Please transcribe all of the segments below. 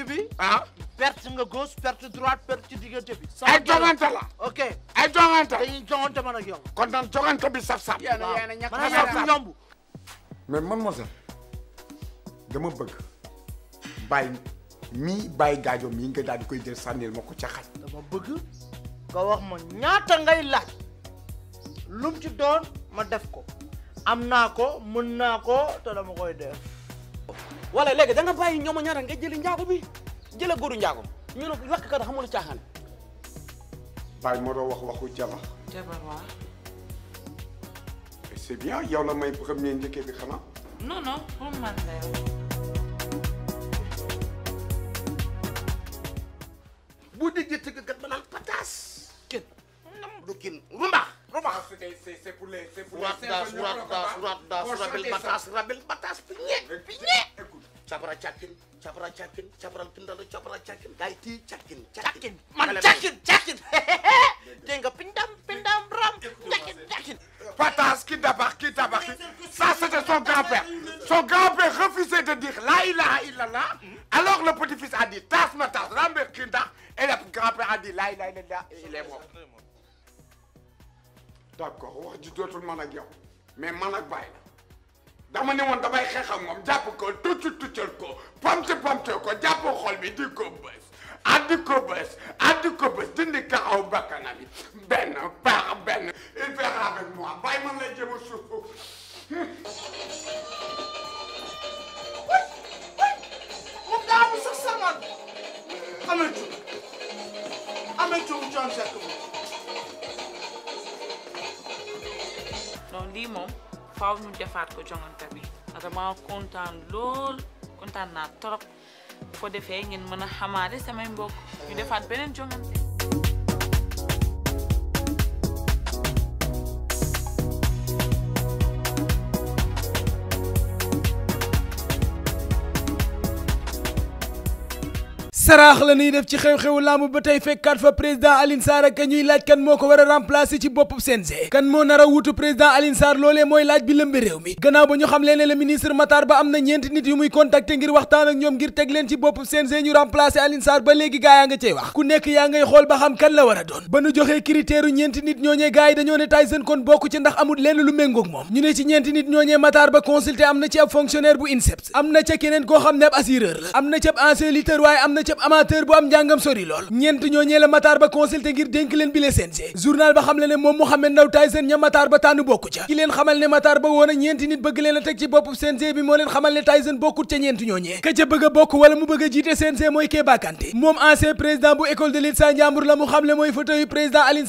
ci bi. ah perte nga gauche perte droite perte ci diggante bi. ay jongante la. ok ay jongante. dañuy jongante man ak yow. bi saf-saf. yéen yomb yomb. mais mademoiselle dama bëgg bàyyi mii bàyyi gaajo mii nga daal di koy jël sànnil ma ko ca xaj. dama bëgg nga wax ma ñaata ngay laaj lum ci doon ma def ko am naa ko mën naa ko te dama koy def. wala léegi danga nga bàyyi ñooma ñaar nga jëli njaago bi jëla góoru njaago ñu ne lakkat xamul caaxaan bàyyi moo doon wax waxu jabar jabar waaw c'est bien yow la may premier njëkkee bi xanaa non non pour man la boo déggee tëggkat ba naan pataas. kenn du kin rumbax. Ah, capara càkkin capara càkkin capara pindalo capara càkkin gaay tii càkkin càkkin man càkkin càkkin dégg nga pindam pindam ram càkkin càkkin patas qui débarque qui débarque ça c'était son grand-père son grand-père refusait de dire la ilaha illallah alors le petit-fils a dit tas ma tas rambe ki ndax et le grand-père a dit la ilaha illallah et il est mort d'accord wax ji dootul man ak yow mais man ak bàyyi la dama ne woon damay xeex ak moom jàpp ko tuccu tuccal ko pamte pamte ko jàpp xol bi di ko bës addi ko bës addi ko bës dindi kaxaw bakkana bi benn baax benn il fait avec moi bàyyi man lay jëm a suuf daamu sax saman ametu ametu John Seck non lii faaw ñu defaat ko jongante bi vraiment kontaan lool kontaan naa trop foo defee ngeen mën a xamaale samay mbokk ñu defaat beneen jongante saraax la ñuy def ci xew-xewu làmb ba tey fekkaat fa président Alioune Sarr ak ñuy laaj kan moo ko war a ci boppub CNG kan moo nar wutu président Alioune Sarr mooy laaj bi lëmbe réew mi gannaaw ba ñu xam leen ne ministre Matar Ba am na ñeenti nit yu muy contacter ngir waxtaan ñoom ngir teg leen ci boppub CNG ñu remplacer Alioune ba léegi gaa yaa wax ku nekk yaa ngay xool ba xam kan la war doon ba nu joxee critère ñeenti nit ñooñee gaa amateur bu am njàngam sori lool ñeent ñooñee la Matar Ba consulté ngir dénk leen bi le journal ba xam ne moom Mouhamed Ndao Tyson ña Matar Ba tànn bokku ca ki leen xamal ne Matar Ba woon a ñeenti nit bëgg leen a teg ci boppu CNG bi moo leen xamal ne Tyson bokkut ca ñeent ñooñee ka ca bëgg bokk wala mu bëgg jiite CNG mooy Kéba moom ancien président bu école de lutte sa Ndiambour la mu xam mooy fa laa président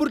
école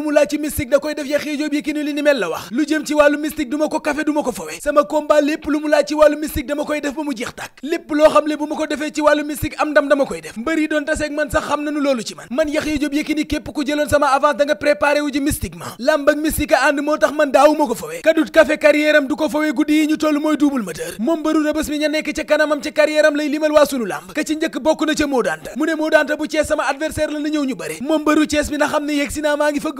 lu mu laaj ci mystique da koy def Yaxya Jóob Yékini li ni mel la wax lu jëm ci wàllu mystique duma ko kafe duma ko fowe sama combat lépp lu mu laaj ci wàllu mystique dama koy def ba mu jeex tàkk lépp loo xam ne bu ma ko defee ci wàllu mystique am ndam dama koy def mbër yi doon taseeg man sax xam nañu loolu ci man man Yaxya Jóob képp ku jëloon sama avance da nga préparé wu ji làmb ak mystique a ànd moo tax man daawuma ko fowe kadut kafe carrière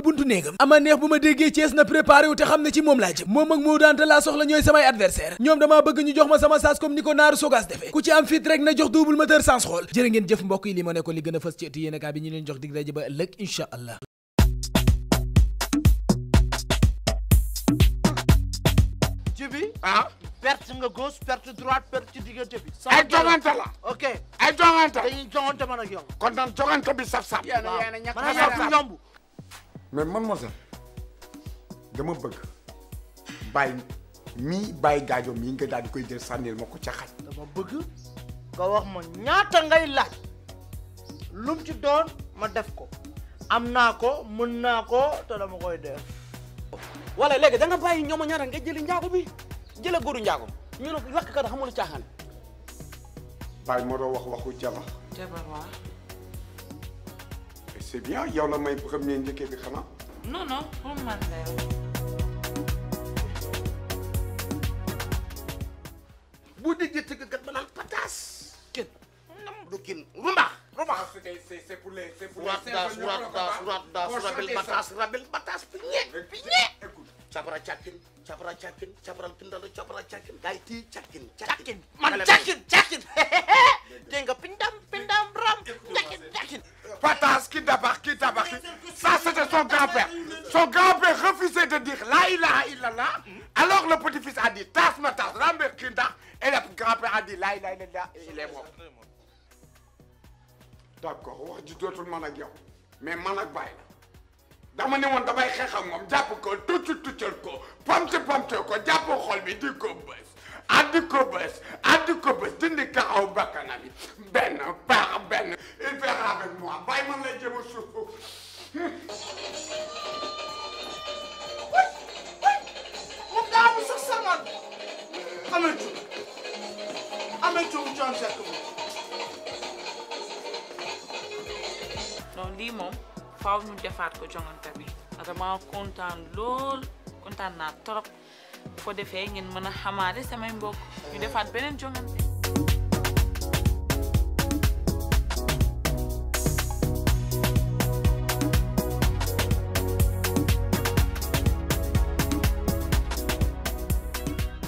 fëgg buntu néegam ama neex bu ma déggee Thiès na préparé wu te xam ne ci moom laa jëm moom ak moo daanta laa soxla ñooy samay adversaire ñoom damaa bëgg ñu jox ma sama saas comme ni ko naaru sogaas defee ku ci am fit rek na jox double moteur sans xool jërë ngeen jëf mbokk yi li ma ne li gën a fës ci ëtt bi ñu leen jox dig daje ba ëllëg incha allah jibi ah perte nga gauche perte droite perte ci diggante bi. ay jongante la. ok ay jongante. dañuy jongante man kon nag jongante bi saf saf. mais mademoiselle dama bëgg bàyyi mii bàyyi gaajo mii nga daal di koy jël sànnil ma ko ca xaj. dama bëgg nga wax ma ñaata ngay laaj lum ci doon ma def ko am naa ko mën naa ko te dama koy def. wala léegi da nga bàyyi ñoom ñaata nga jëli njaago bi jëla góoru njaago ñu ne lakk kat xamul caaxaan. bàyyi ma doon wax waxu jabar. jabar waaw. c'est bien yow la may premier njëkkee bi xanaa. non non pour man bu déggee tëggkat ba naan pataas. kenn du kenn rumba. rumba ah, c'est pour les c'est pour les. Ah. rabel pataas rabel pataas. capara càkkin capara càkkin caparal pindal capara càkkin gaay tii càkkin càkkin man càkkin càkkin dégg nga pindam pindam ram càkkin càkkin patas qui débarque qui débarque ça c'était son grand-père son grand-père refusait de dire la ilaha illallah alors le petit-fils a dit tas na tas rambe ki ndax et le grand-père a dit la ilaha illallah et il est mort d'accord wax ji dootul man ak yow mais man ak bàyyi la dama ne woon damay xeex ak moom jàpp ko tucc tuccal ko pamte pamte ko jàpp xol bi di ko bës addi ko bës addi ko bës dindi kaxaw bakkana bi benn baax benn il fait avec moi bàyyi man la jëm suuf. moom faaw ñu defaat ko jongante bi vraiment kontaan lool kontaan naa trop bu ko defee ngeen mën a xamaale samay mbokk ñu defaat beneen jongante